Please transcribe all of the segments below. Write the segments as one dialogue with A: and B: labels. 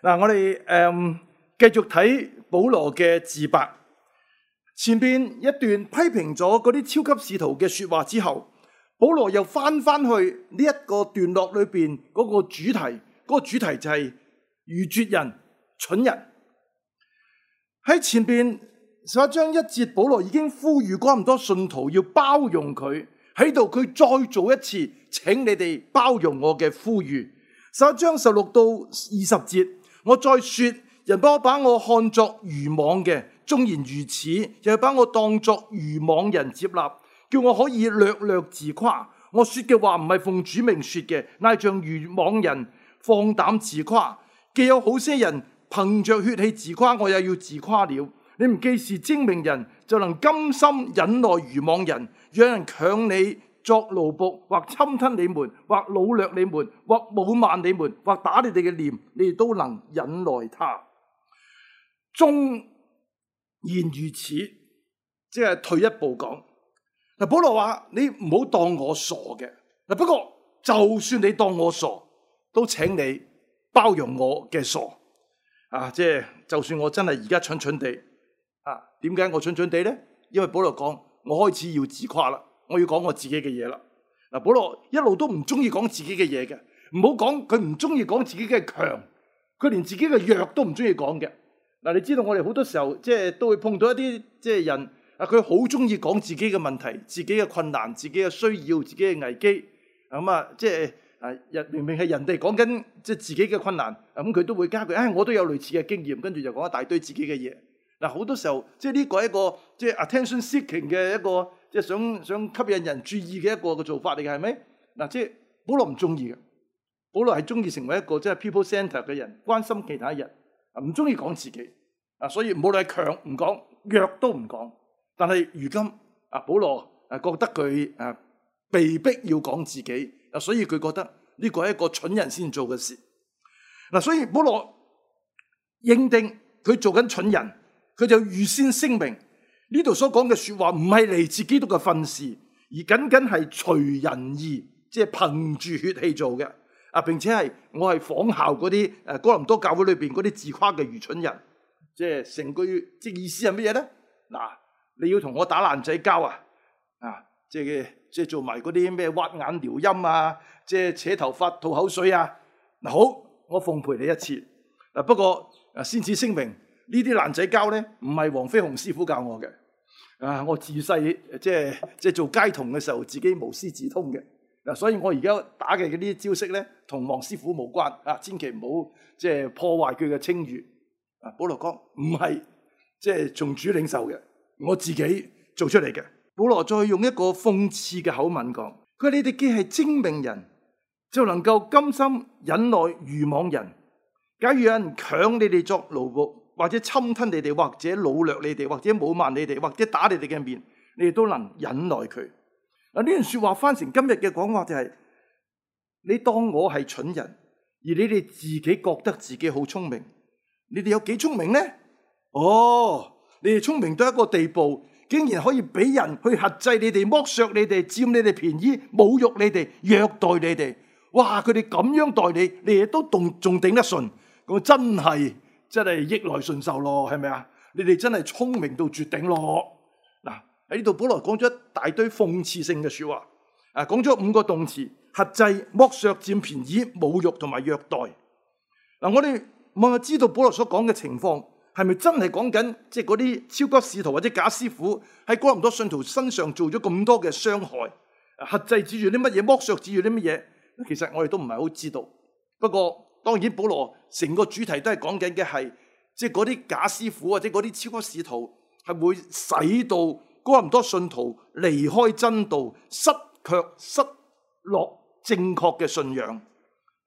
A: 嗱，我哋誒、嗯、繼續睇保羅嘅自白，前邊一段批評咗嗰啲超級使徒嘅說話之後，保羅又翻翻去呢一個段落裏邊嗰個主題，嗰個主題就係、是、愚拙人、蠢人。喺前邊十一章一節，保羅已經呼籲過咁多信徒要包容佢，喺度佢再做一次，請你哋包容我嘅呼籲。十一章十六到二十節。我再說，人把我，把我看作愚妄嘅，縱然如此，又把我當作愚妄人接納，叫我可以略略自誇。我說嘅話唔係奉主命說嘅，乃像愚妄人放膽自誇。既有好些人憑着血氣自誇，我又要自誇了。你唔既是精明人，就能甘心忍耐愚妄人，讓人強你，作奴僕，或侵吞你們，或擄掠你們，或侮慢你們，或打你哋嘅臉，你哋都能忍耐他。縱然如此，即係退一步講，嗱，保羅話你唔好當我傻嘅，不過就算你當我傻，都請你包容我嘅傻，啊，即係就算我真係而家蠢蠢地，啊，點解我蠢蠢地呢？因為保羅講我開始要自誇啦。我要講我自己嘅嘢啦。保羅一路都唔中意講自己嘅嘢嘅，唔好講佢唔中意講自己嘅強，佢連自己嘅弱都唔中意講嘅。你知道我哋好多時候都會碰到一啲人啊，佢好中意講自己嘅問題、自己嘅困難、自己嘅需要、自己嘅危機。明明係人哋講緊自己嘅困難，咁佢都會加佢。唉，我都有類似嘅經驗，跟住就講一大堆自己嘅嘢。好多時候即呢個一個即 attention seeking 嘅一個。即係想想吸引人注意嘅一個嘅做法嚟嘅，係咪？嗱，即係保羅唔中意嘅，保羅係中意成為一個即係 people center 嘅人，關心其他人，唔中意講自己。啊，所以無論係強唔講，弱都唔講。但係如今啊，保羅啊覺得佢啊被逼要講自己，啊，所以佢覺得呢個係一個蠢人先做嘅事。嗱，所以保羅認定佢做緊蠢人，佢就預先聲明。呢度所講嘅説話唔係嚟自基督嘅訓示，而僅僅係隨人意，即係憑住血氣做嘅。啊！並且係我係仿效嗰啲誒哥林多教會裏邊嗰啲自誇嘅愚蠢人，即係成句即意思係乜嘢咧？嗱，你要同我打爛仔交啊？啊！即係即係做埋嗰啲咩挖眼撩陰啊！即係扯頭髮吐口水啊,啊！好，我奉陪你一次。嗱、啊，不過先至聲明。呢啲爛仔交咧，唔係黃飛鴻師傅教我嘅。啊，我自細即係即係做街童嘅時候，自己無師自通嘅。嗱，所以我而家打嘅呢啲招式咧，同黃師傅無關。啊，千祈唔好即係破壞佢嘅清譽。啊，保羅講唔係，即係從主領受嘅，我自己做出嚟嘅。保羅再用一個諷刺嘅口吻講：佢話你哋既係精明人，就能夠甘心忍耐愚妄人。假如有人強你哋作奴僕，或者侵吞你哋，或者擄掠你哋，或者侮慢你哋，或者打你哋嘅面，你哋都能忍耐佢。嗱呢段說話翻成今日嘅講話就係：你當我係蠢人，而你哋自己覺得自己好聰明，你哋有幾聰明呢？哦，你哋聰明到一個地步，竟然可以俾人去轄制你哋、剝削你哋、占你哋便宜、侮辱你哋、虐待你哋。哇！佢哋咁樣待你，你哋都仲頂得順，我真係。真係逆來順受咯，係咪啊？你哋真係聰明到絕頂咯！嗱，喺度保羅講咗一大堆諷刺性嘅說話，誒，講咗五個動詞：合制、剝削、佔便宜、侮辱同埋虐待。我哋望下知道保羅所講嘅情況，係咪真係講緊即係嗰啲超級使徒或者假師傅喺哥林多信徒身上做咗咁多嘅傷害？合制指住啲乜嘢？剝削指住啲乜嘢？其實我哋都唔係好知道，不過。當然保羅成個主題都係講緊嘅係，即係、嗰啲假師傅或者嗰啲超級使徒係會使到咁多信徒離開真道，失卻失落正確嘅信仰。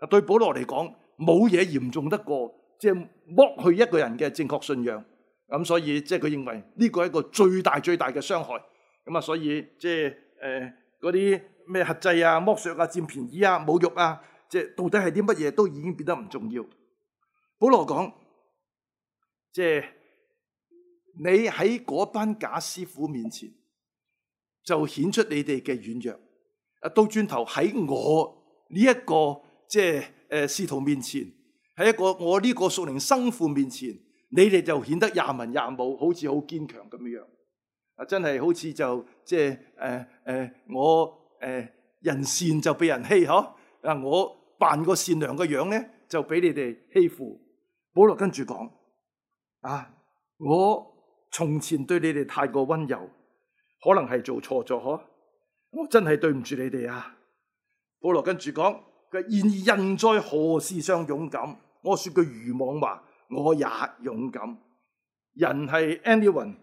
A: 對保羅嚟講，冇嘢嚴重得過即係、剝去一個人嘅正確信仰。咁所以即係、就是、佢認為呢個一個最大最大嘅傷害。咁啊，所以這、就是呃、些誒嗰啲咩合制啊、剝削啊、佔便宜啊、侮辱啊。即係到底係啲乜嘢都已經變得唔重要，保羅說。保羅講，即係你喺嗰班假師傅面前，就顯出你哋嘅軟弱。啊、這個，到轉頭喺我呢一個即係誒使徒面前，喺一個我呢個屬靈生父面前，你哋就顯得廿文廿武，好似好堅強咁樣。啊，真係好似就即係誒誒我誒、呃、人善就被人欺嗬。啊，我。扮個善良嘅樣咧，就俾你哋欺負。保羅跟住講：啊，我從前對你哋太過溫柔，可能係做錯咗，嗬！我真係對唔住你哋啊！保羅跟住講：佢然而人在何事上勇敢？我説句愚妄話，我也勇敢。人係 anyone，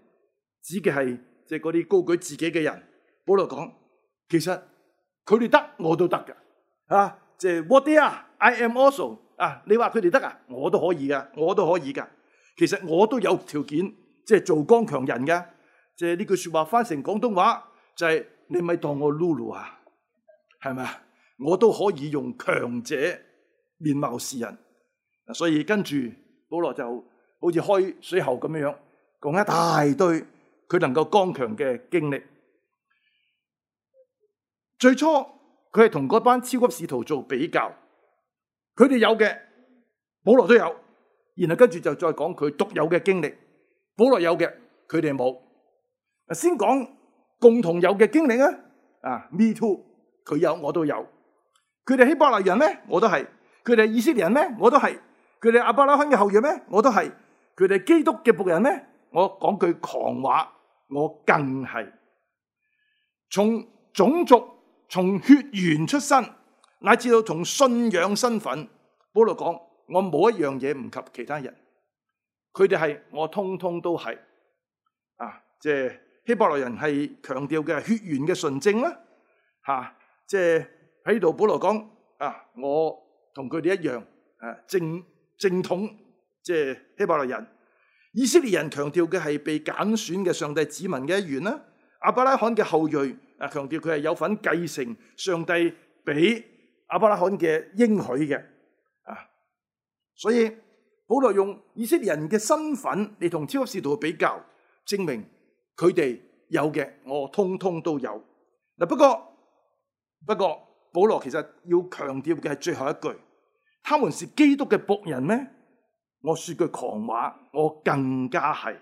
A: 指嘅係即係嗰啲高舉自己嘅人。保羅講：其實佢哋得我都得噶，嚇。即係 what 啊？I am also 啊！你話佢哋得啊？我都可以啊，我都可以啊。其實我都有條件，即係做剛強人嘅。即係呢句説話翻成廣東話，就係你咪當我 Lulu 啊，係咪啊？我都可以用強者面貌示人。所以跟住保羅就好似開水喉咁樣，講一大堆佢能夠剛強嘅經歷。最初。佢係同嗰班超級使徒做比較他們，佢哋有嘅保羅都有，然後跟住就再講佢獨有嘅經歷，保羅有嘅佢哋冇。先講共同有嘅經歷啊，啊，me too，佢有我都有。佢哋希伯來人咩？我都係。佢哋以色列人咩？我都係。佢哋亞伯拉罕的嘅後裔咩？我都係。佢哋基督嘅僕人咩？我講句狂話，我更係從種族。從血緣出身，乃至到從信仰身份，保羅講：我冇一樣嘢唔及其他人。佢哋係，我通通都係。啊，即係希伯來人係強調嘅血緣嘅純正啦。吓、啊，即係喺度保羅講：啊，我同佢哋一樣，啊正正統，即、啊、係希伯來人。以色列人強調嘅係被揀選嘅上帝子民嘅一員啦。阿伯拉罕嘅後裔啊，強調佢係有份繼承上帝畀阿伯拉罕嘅應許嘅啊，所以保羅用以色列人嘅身份嚟同超級使徒去比較，證明佢哋有嘅我通通都有。不過不過保羅其實要強調嘅係最後一句，他們是基督嘅僕人咩？我說句狂話，我更加係。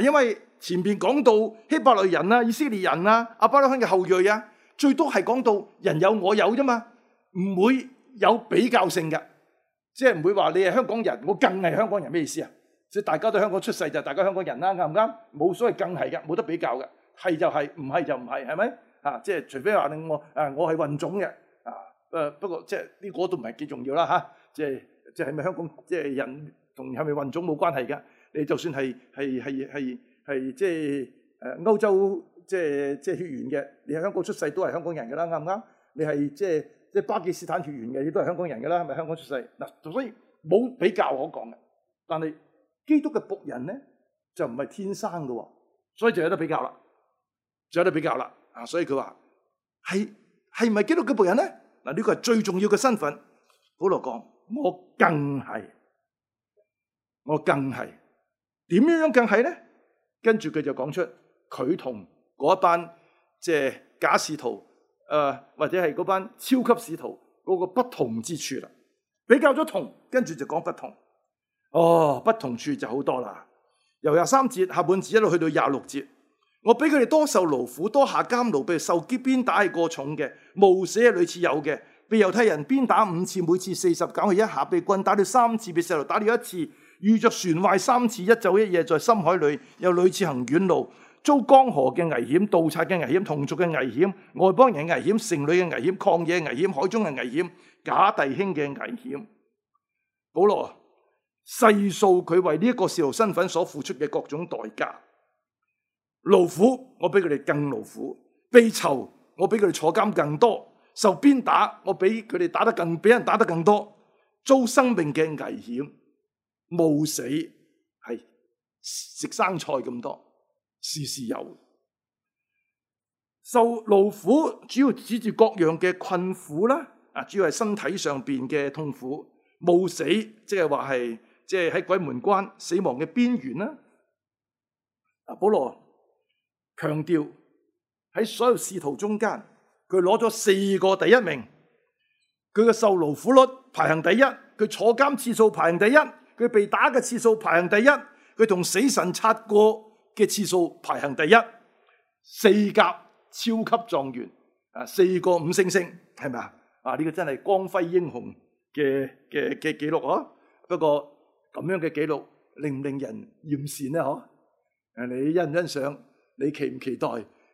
A: 因為前面講到希伯來人啦、以色列人啦、亞伯拉罕嘅後裔啊，最多係講到人有我有啫嘛，唔會有比較性嘅，即係唔會話你係香港人，我更係香港人咩意思啊？所以大家都香港出世就是大家香港人啦，啱唔啱？冇所謂更係噶，冇得比較噶，係就係，是，唔係就唔係，係咪？啊，即係除非話你我啊，我係混種嘅，啊，不過即係呢個都唔係幾重要啦吓，即係即係咪香港即係人同係咪混種冇關係噶？你就算係係係係係即係誒歐洲即係即係血緣嘅，你喺香港出世都係香港人噶啦，啱唔啱？你係即係即係巴基斯坦血緣嘅，亦都係香港人噶啦，係咪香港出世？嗱，所以冇比較可講嘅。但係基督嘅僕人咧，就唔係天生嘅喎，所以就有得比較啦，就有得比較啦。啊，所以佢話係係咪基督嘅僕人咧？嗱，呢個係最重要嘅身份。保羅講：我更係，我更係。點樣更係呢？跟住佢就講出佢同嗰一班即係假使徒，誒、呃、或者係嗰班超級使徒嗰那個不同之處啦。比較咗同，跟住就講不同。哦，不同處就好多啦。由廿三節下半節一路去到廿六節，我比佢哋多受勞苦，多下監牢，譬如受鞭打係過重嘅，冒死也屢次有嘅。被猶太人鞭打五次，每次四十，減去一下被棍打了三次，被石頭打了一次。遇着船壞三次，一晝一夜在深海裏，又屢次行遠路，遭江河嘅危險、盜賊嘅危險、同族嘅危險、外邦人嘅危險、城裏嘅危險、曠野嘅危險、海中嘅危險、假弟兄嘅危險。保羅細數佢為呢一個侍候身份所付出嘅各種代價，勞苦我比佢哋更勞苦，被囚我比佢哋坐監更多，受鞭打我比佢哋打得更，俾人打得更多，遭生命嘅危險。冒死係食生菜咁多，事事有受勞苦，各樣的困苦，主要指住各樣嘅困苦啦。啊，主要係身體上邊嘅痛苦，冒死即係話係即係喺鬼門關死亡嘅邊緣啦。啊，保羅強調喺所有仕途中間，佢攞咗四個第一名，佢嘅受勞苦率排行第一，佢坐監次數排行第一。佢被打嘅次數排行第一，佢同死神擦過嘅次數排行第一，四甲超級狀元啊，四個五星星係咪啊？啊、這、呢個真係光輝英雄嘅嘅嘅記錄嗬。不過咁樣嘅記錄令唔令人艷羨呢？嗬？你欣唔欣賞？你期唔期待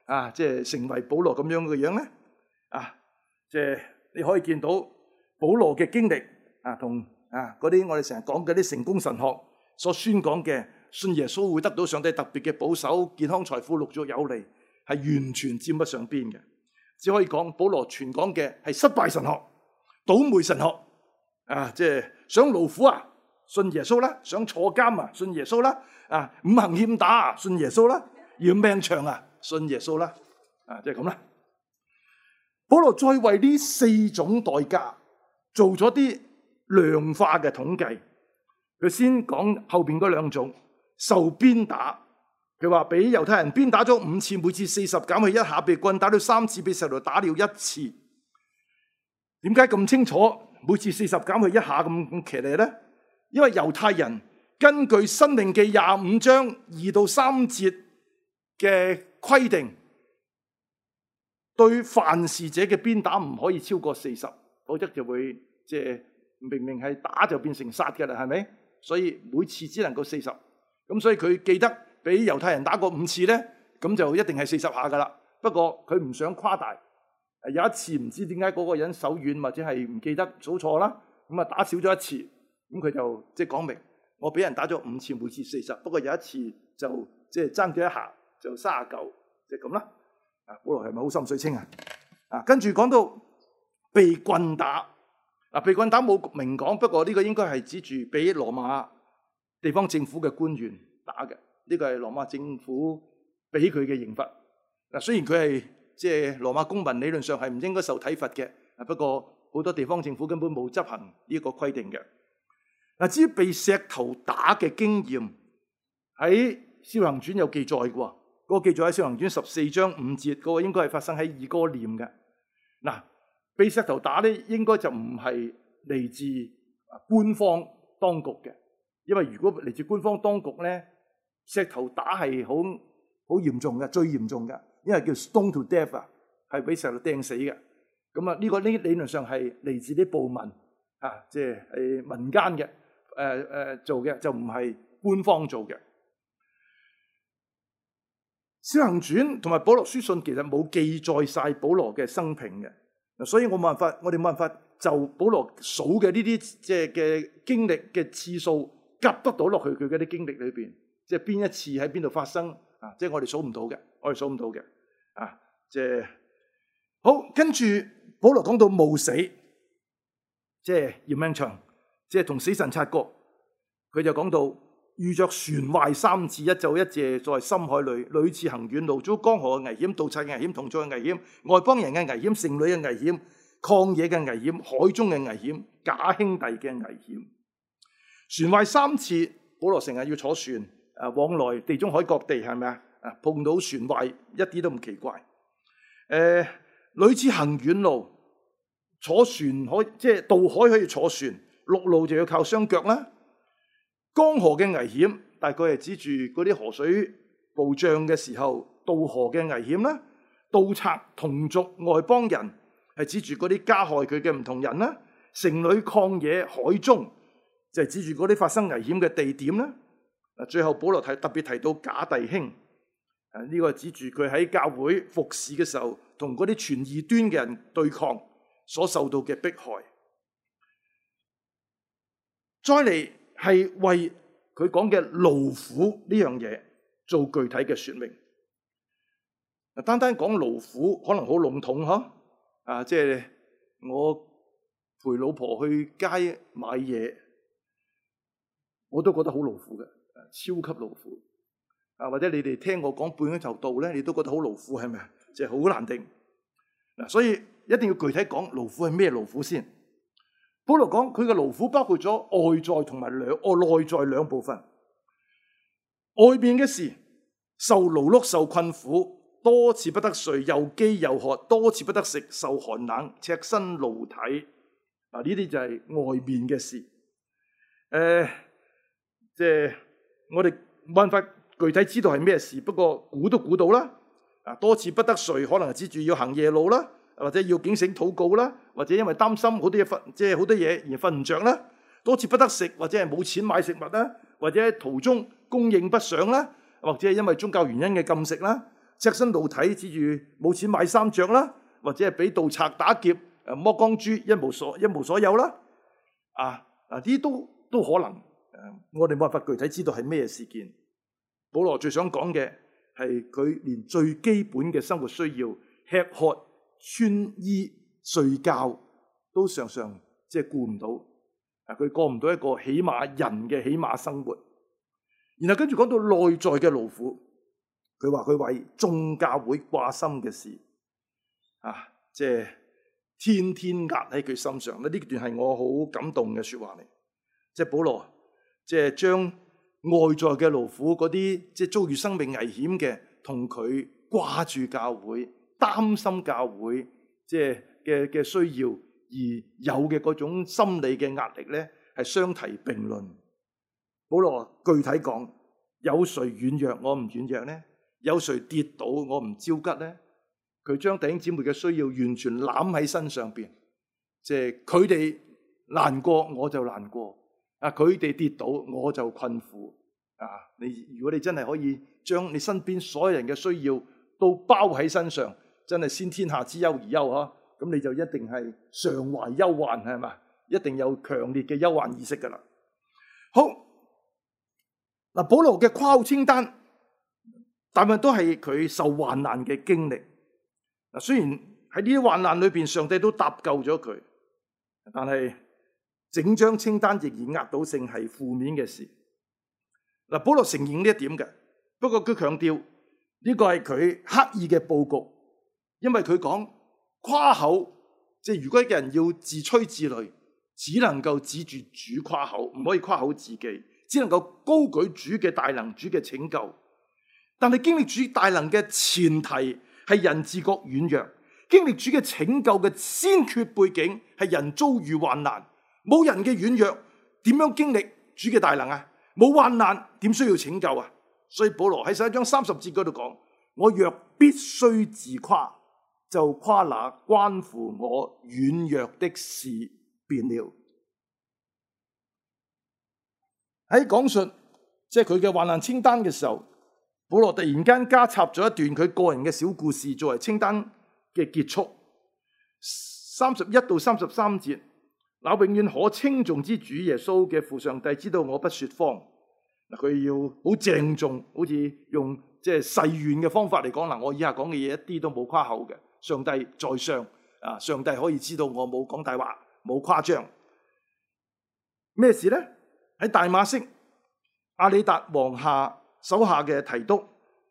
A: 啊？即、就、係、是、成為保羅咁樣嘅樣咧？啊，即、就、係、是、你可以見到保羅嘅經歷啊，同。啊！嗰啲我哋成日講嗰啲成功神學所宣講嘅，信耶穌會得到上帝特別嘅保守、健康、財富、陸續有利，係完全佔不上邊嘅。只可以講，保羅全講嘅係失敗神學、倒楣神學。啊，即係想勞苦啊，信耶穌啦；想坐監啊，信耶穌啦；啊，五行欠打啊，信耶穌啦；要命長啊，信耶穌啦。啊，就係咁啦。保羅再為呢四種代價做咗啲。量化嘅統計，佢先講後面嗰兩種受鞭打，佢話俾猶太人鞭打咗五次，每次四十，減去一下，被棍打咗三次，被石頭打了一次。點解咁清楚？每次四十減去一下咁咁劇烈咧？因為猶太人根據《申命記》廿五章二到三節嘅規定，對犯事者嘅鞭打唔可以超過四十，否則就會明明係打就變成殺嘅啦，係咪？所以每次只能夠四十，咁所以佢記得俾猶太人打過五次咧，咁就一定係四十下噶啦。不過佢唔想誇大，有一次唔知點解嗰個人手軟或者係唔記得數錯啦，咁啊打少咗一次，咁佢就即係講明我俾人打咗五次，每次四十，不過有一次就即係、就是、爭咗一下就三十九，就咁啦。啊，保羅係咪好心水清啊？啊，跟住講到被棍打。被棍打冇明講，不過呢個應該係指住俾羅馬地方政府嘅官員打嘅，呢個係羅馬政府俾佢嘅刑罰。雖然佢係羅馬公民，理論上係唔應該受體罰嘅，不過好多地方政府根本冇執行呢個規定嘅。至於被石頭打嘅經驗，喺《肖行傳》有記載嘅喎，嗰個記載喺《肖行傳》十四章五節嗰個，應該係發生喺以哥念嘅。被石頭打呢，應該就唔係嚟自官方當局嘅，因為如果嚟自官方當局呢，石頭打係好好嚴重嘅，最嚴重嘅，因為叫 stoned to death 啊，係俾石頭釘死嘅。咁啊，呢個呢理論上係嚟自啲暴民啊，即係民間嘅，呃呃，做嘅，就唔係官方做嘅。《行傳》同埋《保羅書信》其實冇記載晒保羅嘅生平嘅。所以我冇辦法，我哋冇辦法就保羅數嘅呢啲即係嘅經歷嘅次數，夾得到落去佢嗰啲經歷裏邊，即係邊一次喺邊度發生啊？即係我哋數唔到嘅，我哋數唔到嘅啊！即係好，跟住保羅講到冒死，即係葉明祥，即係同死神擦過，佢就講到。遇着船壞三次，一晝一夜在深海裏，屢次行遠路，遭江河嘅危險、盜賊嘅危險、同族嘅危險、外邦人嘅危險、城裡嘅危險、曠野嘅危險、海中嘅危險、假兄弟嘅危險。船壞三次，保羅成日要坐船，誒往來地中海各地，係咪啊？碰到船壞一啲都唔奇怪。誒、呃，屢次行遠路，坐船可即係渡海可以坐船，陸路就要靠雙腳啦。江河嘅危險，大概係指住嗰啲河水暴漲嘅時候渡河嘅危險啦；盜賊、同族、外邦人，係指住嗰啲加害佢嘅唔同人啦；城裏曠野、海中，就係指住嗰啲發生危險嘅地點啦。最後保羅提特別提到假弟兄，啊呢個係指住佢喺教會服侍嘅時候，同嗰啲傳異端嘅人對抗所受到嘅迫害。再嚟。係為佢講嘅勞苦呢樣嘢做具體嘅説明。嗱，單單講勞苦可能好籠統啊，我陪老婆去街買嘢，我都覺得好勞苦嘅，超級勞苦。或者你哋聽我講半個鐘頭到，你都覺得好勞苦係咪啊？即係好難定。所以一定要具體講勞苦係咩勞苦先。保羅講佢嘅勞苦包括咗外在同埋兩外內在兩部分，外面嘅事受勞碌受困苦，多次不得睡，又飢又渴，多次不得食，受寒冷，赤身露體。嗱呢啲就係外面嘅事，呃即係、就是、我哋冇辦法具體知道係咩事，不過估都估到啦，啊多次不得睡可能是指住要行夜路啦。或者要警醒禱告啦，或者因為擔心好多嘢瞓，即係好多嘢而瞓唔着啦；多次不得食，或者係冇錢買食物啦，或者喺途中供應不上啦，或者係因為宗教原因嘅禁食啦，赤身露體指住冇錢買衫着啦，或者係俾盜賊打劫，誒剝光豬一無所一無所有啦。啊，嗱呢啲都都可能。誒，我哋冇辦法具體知道係咩事件。保羅最想講嘅係佢連最基本嘅生活需要吃喝。穿衣睡覺都常常即係顧唔到，啊佢過唔到一個起碼人嘅起碼生活。然後跟住講到內在嘅勞苦，佢話佢為眾教會掛心嘅事，啊即係天天壓喺佢心上。呢段係我好感動嘅說話嚟，即係保羅即係將外在嘅勞苦嗰啲即係遭遇生命危險嘅，同佢掛住教會。擔心教會即係嘅嘅需要而有嘅嗰種心理嘅壓力咧，係相提並論。保羅具體講，有誰軟弱我唔軟弱咧？有誰跌倒我唔焦急咧？佢將弟兄姊妹嘅需要完全攬喺身上邊，即係佢哋難過我就難過，啊佢哋跌倒我就困苦啊！你如果你真係可以將你身邊所有人嘅需要都包喺身上。真係先天下之憂而憂啊！咁你就一定係常懷憂患，係咪？一定有強烈嘅憂患意識噶啦。好嗱，保羅嘅誇口清單，大部分都係佢受患難嘅經歷。嗱，雖然喺呢啲患難裏邊，上帝都搭救咗佢，但係整張清單仍然壓倒性係負面嘅事。嗱，保羅承認呢一點嘅，不過佢強調呢個係佢刻意嘅佈局。因為佢講誇口，即如果一個人要自吹自擂，只能夠指住主誇口，唔可以誇口自己，只能夠高舉主嘅大能、主嘅拯救。但係經歷主大能嘅前提係人自覺軟弱，經歷主嘅拯救嘅先決背景係人遭遇患難。冇人嘅軟弱，點樣經歷主嘅大能啊？冇患難，點需要拯救啊？所以保羅喺十一章三十節嗰度講：我若必須自誇。就誇那關乎我軟弱的事便了。喺講述即係佢嘅患難清單嘅時候，保羅突然間加插咗一段佢個人嘅小故事作為清單嘅結束。三十一到三十三節，那永遠可稱頌之主耶穌嘅父上帝知道我不說謊。嗱，佢要好鄭重，好似用即係誓願嘅方法嚟講，嗱，我以下講嘅嘢一啲都冇誇口嘅。上帝在上啊！上帝可以知道我冇講大話，冇誇張。咩事呢？喺大馬色阿里達王下手下嘅提督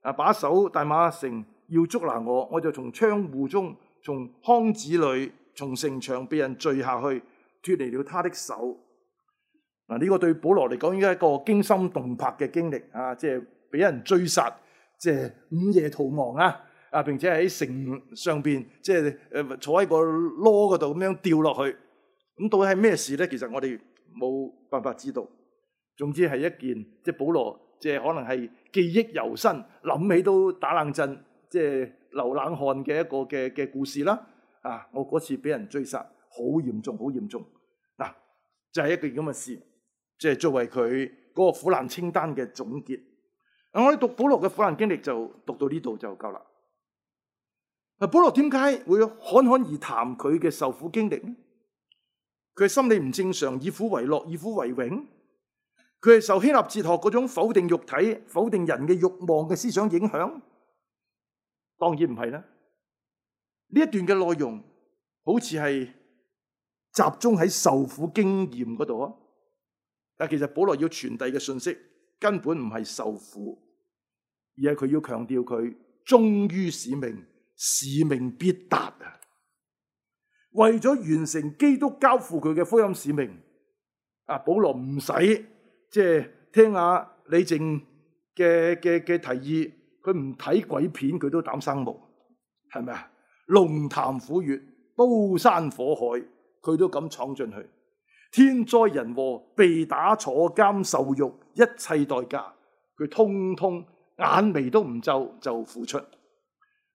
A: 啊，把守大馬城要捉拿我，我就從窗戶中、從筐子裏、從城牆被人墜下去，脫離了他的手。嗱，呢個對保羅嚟講，應該係一個驚心動魄嘅經歷啊！即係俾人追殺，即係午夜逃亡啊！啊！並且喺城上邊，即係誒坐喺個籮嗰度咁樣掉落去，咁到底係咩事咧？其實我哋冇辦法知道。總之係一件即係保羅，即係可能係記憶猶新，諗起都打冷震，即係流冷汗嘅一個嘅嘅故事啦。啊！我嗰次俾人追殺，好嚴重，好嚴重。嗱、啊，就係、是、一件咁嘅事，即係作為佢嗰個苦難清單嘅總結。我哋讀保羅嘅苦難經歷就讀到呢度就夠啦。啊！保羅點解會侃侃而談佢嘅受苦經歷咧？佢係心理唔正常，以苦為樂，以苦為榮。佢係受希臘哲學嗰種否定肉體、否定人嘅慾望嘅思想影響？當然唔係啦。呢一段嘅內容好似係集中喺受苦經驗嗰度啊！但其實保羅要傳遞嘅信息根本唔係受苦，而係佢要強調佢忠於使命。使命必達啊！為咗完成基督交付佢嘅福音使命，阿保羅唔使，即係聽李靖嘅提議，佢唔睇鬼片佢都膽生毛，係咪啊？龍潭虎穴、刀山火海，佢都敢闖進去。天災人禍、被打、坐監、受辱，一切代價，佢通通眼眉都唔皺就付出。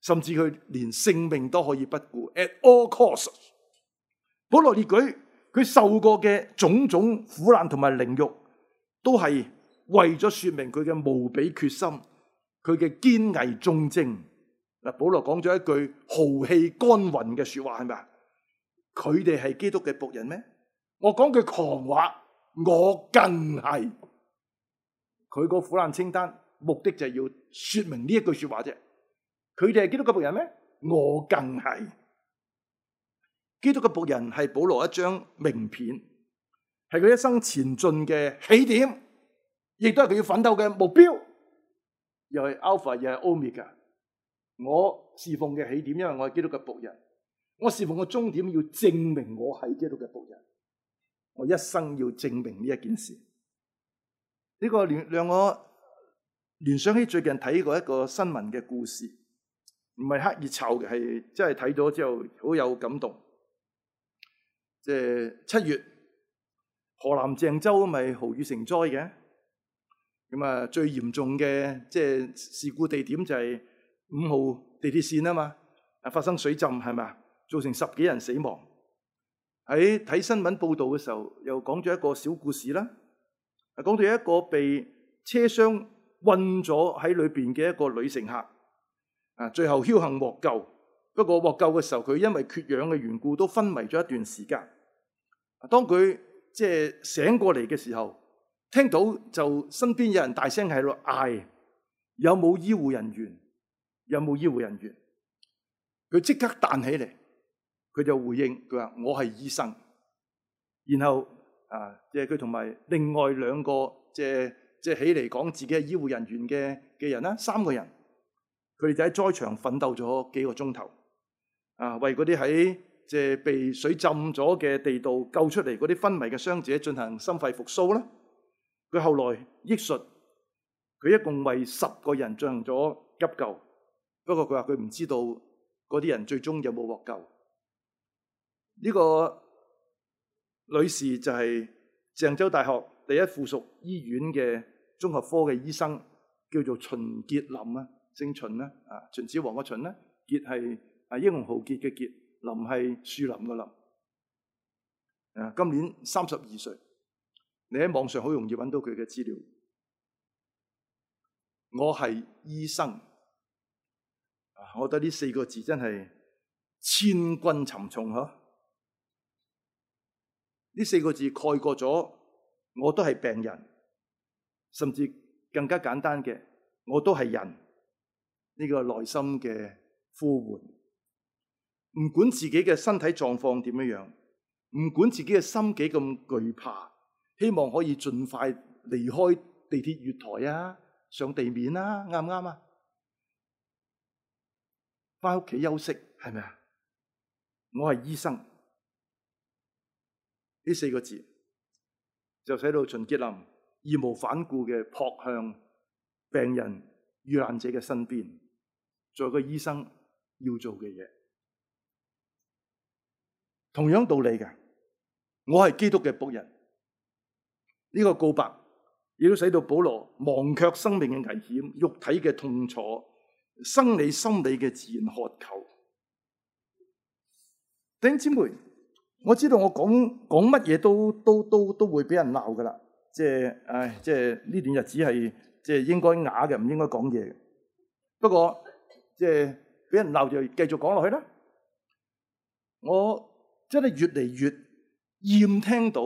A: 甚至佢連性命都可以不顧，at all costs。保羅列舉佢受過嘅種種苦難同埋凌辱，都係為咗說明佢嘅無比決心，佢嘅堅毅忠貞。保羅講咗一句豪氣干雲的說話，係咪啊？佢哋係基督的僕人咩？我講句狂話，我更係。佢個苦難清單目的就係要說明呢一句說話啫。佢哋係基督嘅僕人咩？我更係基督嘅僕人。係保羅一張名片，係佢一生前進嘅起點，亦都係佢要奮鬥嘅目標。又係 alpha，又係 omega。我侍奉嘅起點，因為我係基督嘅僕人。我侍奉嘅終點，要證明我係基督嘅僕人。我一生要證明呢一件事。呢個聯讓我聯想起最近睇過一個新聞嘅故事。唔係刻意湊嘅，係真係睇咗之後好有感動。即係七月，河南鄭州咪豪雨成災嘅，咁啊最嚴重嘅即係事故地點就係五號地鐵線啊嘛，啊發生水浸係咪啊，造成十幾人死亡。喺睇新聞報道嘅時候，又講咗一個小故事啦。講到一個被車廂困咗喺裏邊嘅一個女乘客。啊！最後僥倖獲救，不過獲救嘅時候，佢因為缺氧嘅緣故，都昏迷咗一段時間。當佢即係醒過嚟嘅時候，聽到就身邊有人大聲喺度嗌：有冇醫護人員？有冇醫護人員？佢即刻彈起嚟，佢就回應：佢話我係醫生。然後啊，即係佢同埋另外兩個即係即係起嚟講自己係醫護人員嘅嘅人啦，三個人。他們就在喺災場奮鬥了幾個鐘頭，為嗰啲喺被水浸了的地道救出來的啲昏迷嘅傷者進行心肺復甦。他後來憶述，他一共為十個人進行了急救，不過他說他不知道那些人最終有沒有獲救。這個女士就是鄭州大學第一附屬醫院的綜合科的醫生，叫做秦杰林。姓秦啦，啊秦始皇個秦呢，傑係啊英雄豪傑嘅傑，林係樹林嘅林。啊，今年三十二歲，你喺網上好容易揾到佢嘅資料。我係醫生，啊，我覺得呢四個字真係千鈞沉重呵。呢四個字概括咗，我都係病人，甚至更加簡單嘅，我都係人。呢個內心嘅呼喚，唔管自己嘅身體狀況點樣樣，唔管自己嘅心幾咁懼怕，希望可以盡快離開地鐵月台啊，上地面啦，啱唔啱啊？翻屋企休息係咪啊？我係醫生，呢四個字就使到秦潔林義無反顧嘅撲向病人遇難者嘅身邊。做一個醫生要做嘅嘢，同樣道理嘅。我係基督嘅僕人，呢個告白亦都使到保羅忘卻生命嘅危險、肉體嘅痛楚、生理心理嘅自然渴求。頂姊妹，我知道我講講乜嘢都都都，都會俾人鬧噶啦，即係唉，即係呢段日子係即係應該啞嘅，唔應該講嘢。不過。即係俾人鬧就繼續講落去啦！我真係越嚟越厭聽到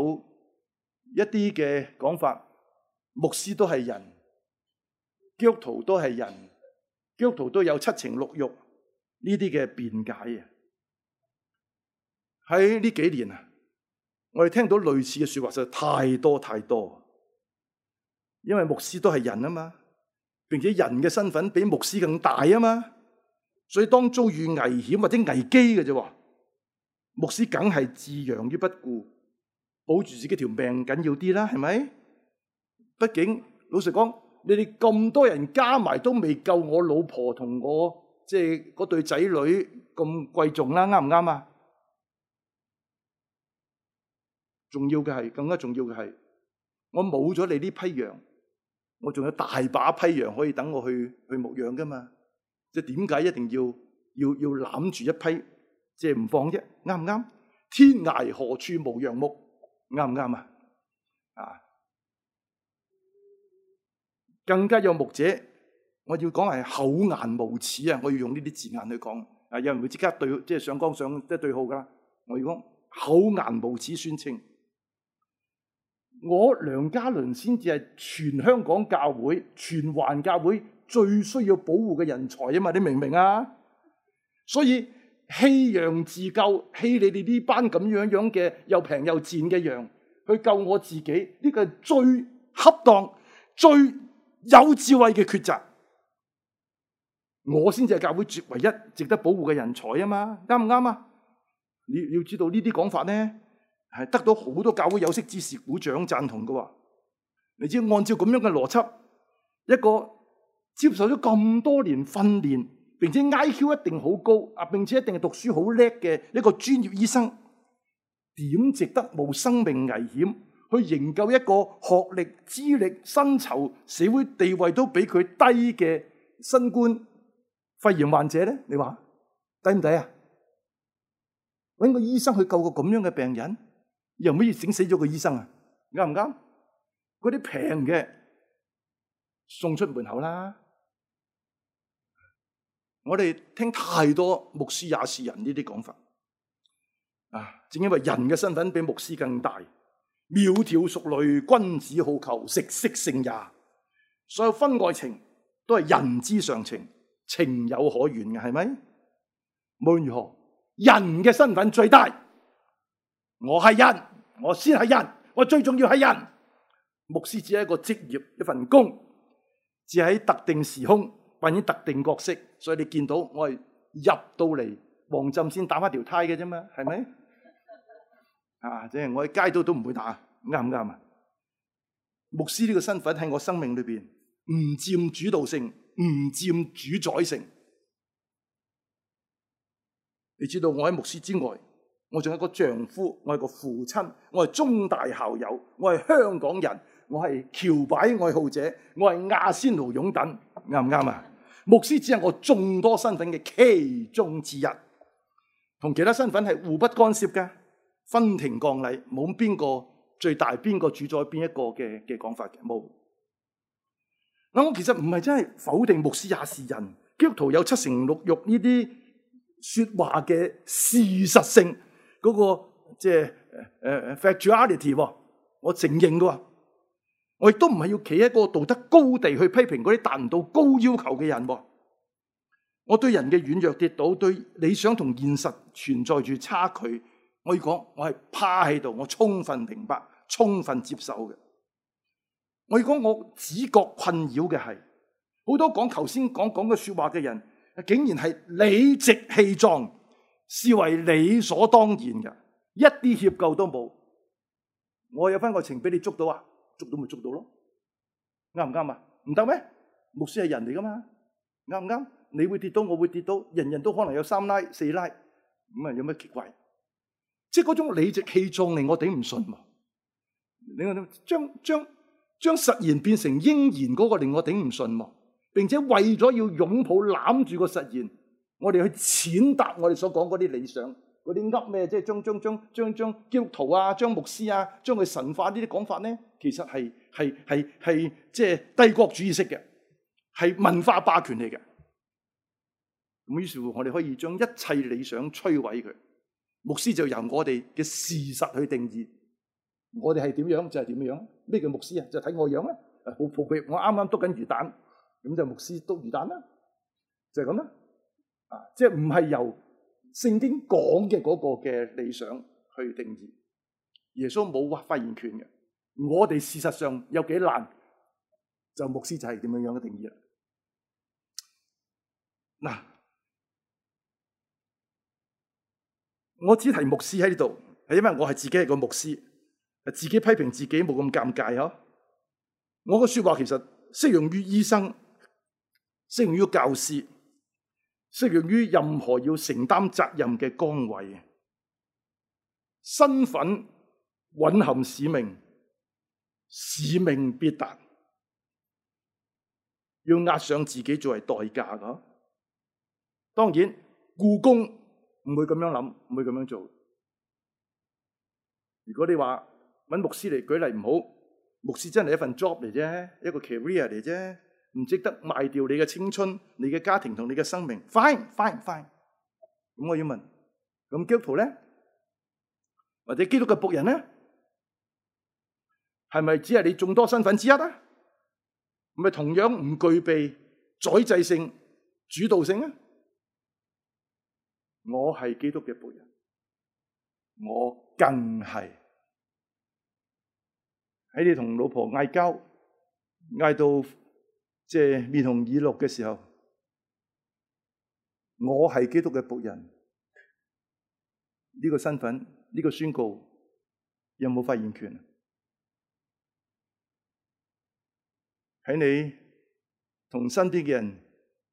A: 一啲嘅講法，牧師都係人，基督徒都係人，基督徒都有七情六欲。呢啲嘅辯解啊！喺呢幾年啊，我哋聽到類似嘅說話實在太多太多，因為牧師都係人啊嘛，並且人嘅身份比牧師更大啊嘛。所以當遭遇危險或者危機嘅啫，牧師梗係置羊於不顧，保住自己條命緊要啲啦，係咪？畢竟老實講，你哋咁多人加埋都未夠我老婆同我，即係嗰對仔女咁貴重啦，啱唔啱啊？重要嘅係，更加重要嘅係，我冇咗你呢批羊，我仲有大把批羊可以等我去去牧養噶嘛。即係點解一定要要要攬住一批即係唔放啫？啱唔啱？天涯何處無楊木？啱唔啱啊？啊！更加有目者，我要講係厚顏無恥啊！我要用呢啲字眼去講啊！有人會即刻對，即係上綱上即係對號噶啦。我要講厚顏無恥宣稱，我梁家麟先至係全香港教會、全環教會。最需要保護嘅人才啊嘛，你明唔明啊？所以棄羊自救，棄你哋呢班咁樣樣嘅又平又賤嘅羊去救我自己，呢、個係最恰當、最有智慧嘅抉擇，我先至係教會唯一值得保護嘅人才啊嘛，啱唔啱啊？你要知道呢啲講法呢，係得到好多教會有識之士鼓掌贊同嘅喎。你只要按照咁樣嘅邏輯，一個，接受咗咁多年訓練，並且 IQ 一定好高，並且一定讀書好叻嘅一個專業醫生，點值得冒生命危險去營救一個學歷、資歷、薪酬、社會地位都比佢低嘅新冠肺炎患者呢？你話抵唔抵啊？揾個醫生去救個咁樣嘅病人，又冇意整死咗個醫生啊？啱唔啱？嗰啲平嘅送出門口啦～我哋聽太多牧師也是人呢啲講法，正因為人嘅身份比牧師更大，窈窕淑女，君子好逑，食色性也。所有婚外情都係人之常情，情有可原嘅，係咪？無論如何，人嘅身份最大。我係人，我先係人，我最重要係人。牧師只係一個職業，一份工，只喺特定時空。扮演特定角色，所以你見到我係入到嚟旺浸先打返條呔嘅啫嘛，係咪？ 啊，即係我喺街度都唔會打，啱唔啱啊？ 牧師呢個身份喺我生命裏面，唔佔主導性，唔佔主宰性。你知道我喺牧師之外，我仲有一個丈夫，我係個父親，我係中大校友，我係香港人，我係橋牌愛好者，我係亞仙奴擁躉，啱唔啱啊？牧師只係我眾多身份嘅其中之一，同其他身份係互不干涉嘅，分庭抗禮，冇邊個最大，邊個主宰邊一個嘅嘅講法嘅冇。那我其實唔係真係否定牧師也是人，基督徒有七情六欲呢啲說話嘅事實性嗰、那個即係、呃、factuality，我承認嘅。我亦都唔係要企喺嗰個道德高地去批評嗰啲達唔到高要求嘅人。我對人嘅軟弱跌倒，對理想同現實存在住差距，我講我係趴喺度，我充分明白，充分接受嘅。我講我只覺困擾嘅係，好多講頭先講講嘅說話嘅人，竟然係理直氣壯，視為理所當然嘅，一啲歉疚都冇。我有返個情俾你捉到啊！捉到咪捉到咯。啱唔啱啊？唔得咩？牧師係人嚟噶嘛？啱唔啱？你會跌到，我會跌到，人人都可能有三拉四拉，咁啊有咩奇怪？即係嗰種理直氣壯令我頂唔順喎。你將將將實現變成應然嗰個，令我頂唔順，並且為咗要擁抱攬住個實現，我哋去踐踏我哋所講嗰啲理想、嗰啲噏咩，即係將將將將將基督徒啊、將牧師啊、將佢神化呢啲講法呢？其實係係係係即係帝國主義式嘅，係文化霸權嚟嘅。咁於是乎，我哋可以將一切理想摧毀佢。牧師就由我哋嘅事實去定義，我哋係點樣就係點樣。咩叫牧師啊？就睇我樣啦。好普我啱啱篤緊魚蛋，咁就牧師篤魚蛋啦，就係咁啦。啊，即係唔係由聖經講嘅嗰個嘅理想去定義？耶穌冇發言權嘅。我哋事實上有幾難，就牧師就係點樣樣嘅定義啦。嗱，我只提牧師喺呢度，係因為我係自己係個牧師，自己批評自己冇咁尷尬。我個說話其實適用於醫生，適用於教師，適用於任何要承擔責任嘅崗位、身份、蘊含使命。使命必達，要押上自己作為代價。當然，僱工唔會這樣想，唔會這樣做。如果你話揾牧師嚟舉例唔好，牧師真係一份 job 嚟啫，一個 career 嚟啫，唔值得賣掉你嘅青春、你嘅家庭同你嘅生命。Fine，fine，fine fine, fine。咁我要問，咁基督徒呢？或者基督教僕人呢？係咪只係你眾多身份之一啊？咪同樣唔具備宰制性、主導性啊？我係基督嘅僕人，我更係喺你同老婆嗌交、嗌到即係面紅耳赤嘅時候，我係基督嘅僕人，呢個身份、呢個宣告有冇發言權？喺你同身邊嘅人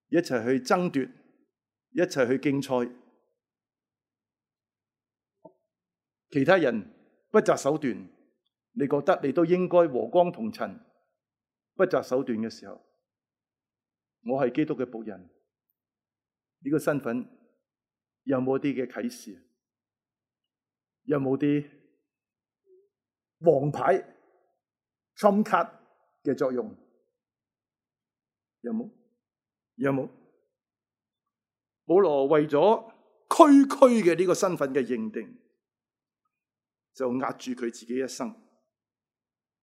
A: 一齊去爭奪、一齊去競賽，其他人不擇手段，你覺得你都應該和光同塵、不擇手段嘅時候，我係基督嘅僕人，呢、這個身份有冇啲嘅啟示？有冇啲王牌、衝卡嘅作用？有冇？有冇？保羅為咗區區嘅這個身份嘅認定，就壓住佢自己一生，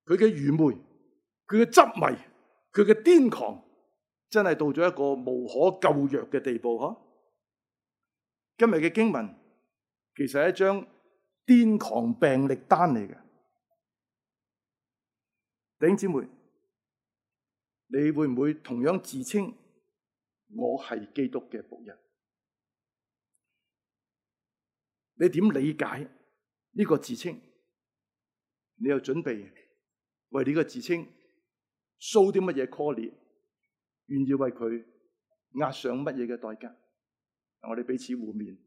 A: 佢嘅愚昧，佢嘅執迷，佢嘅癲狂，真係到咗一個無可救藥嘅地步呵、啊！今日嘅經文其實是一張癲狂病歷單嚟嘅，弟兄姊妹。你會唔會同樣自稱我係基督嘅僕人？你點理解呢個自稱？你又準備為這個自稱收啲乜嘢破裂？願意為佢壓上乜嘢嘅代價？我哋彼此互勉。